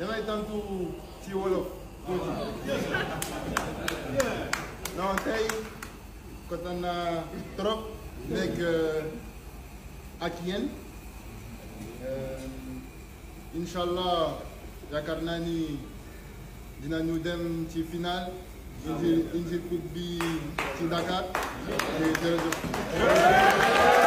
damay tontu ci wolof non tey kontaan naa trop nekk euh, ak yéen euh, incha allah yaakaar naa ni dinañu dem ci final indi indi coupe bi ci Dakar jërëjëf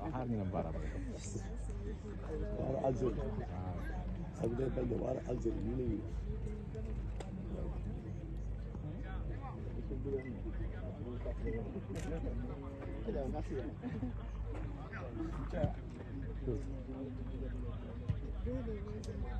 waaw xaar ñu ne Mbara ba. Mbara Algérie. waaw. ak day bañ a Mbara Algérie ñu ne ñu. Merci.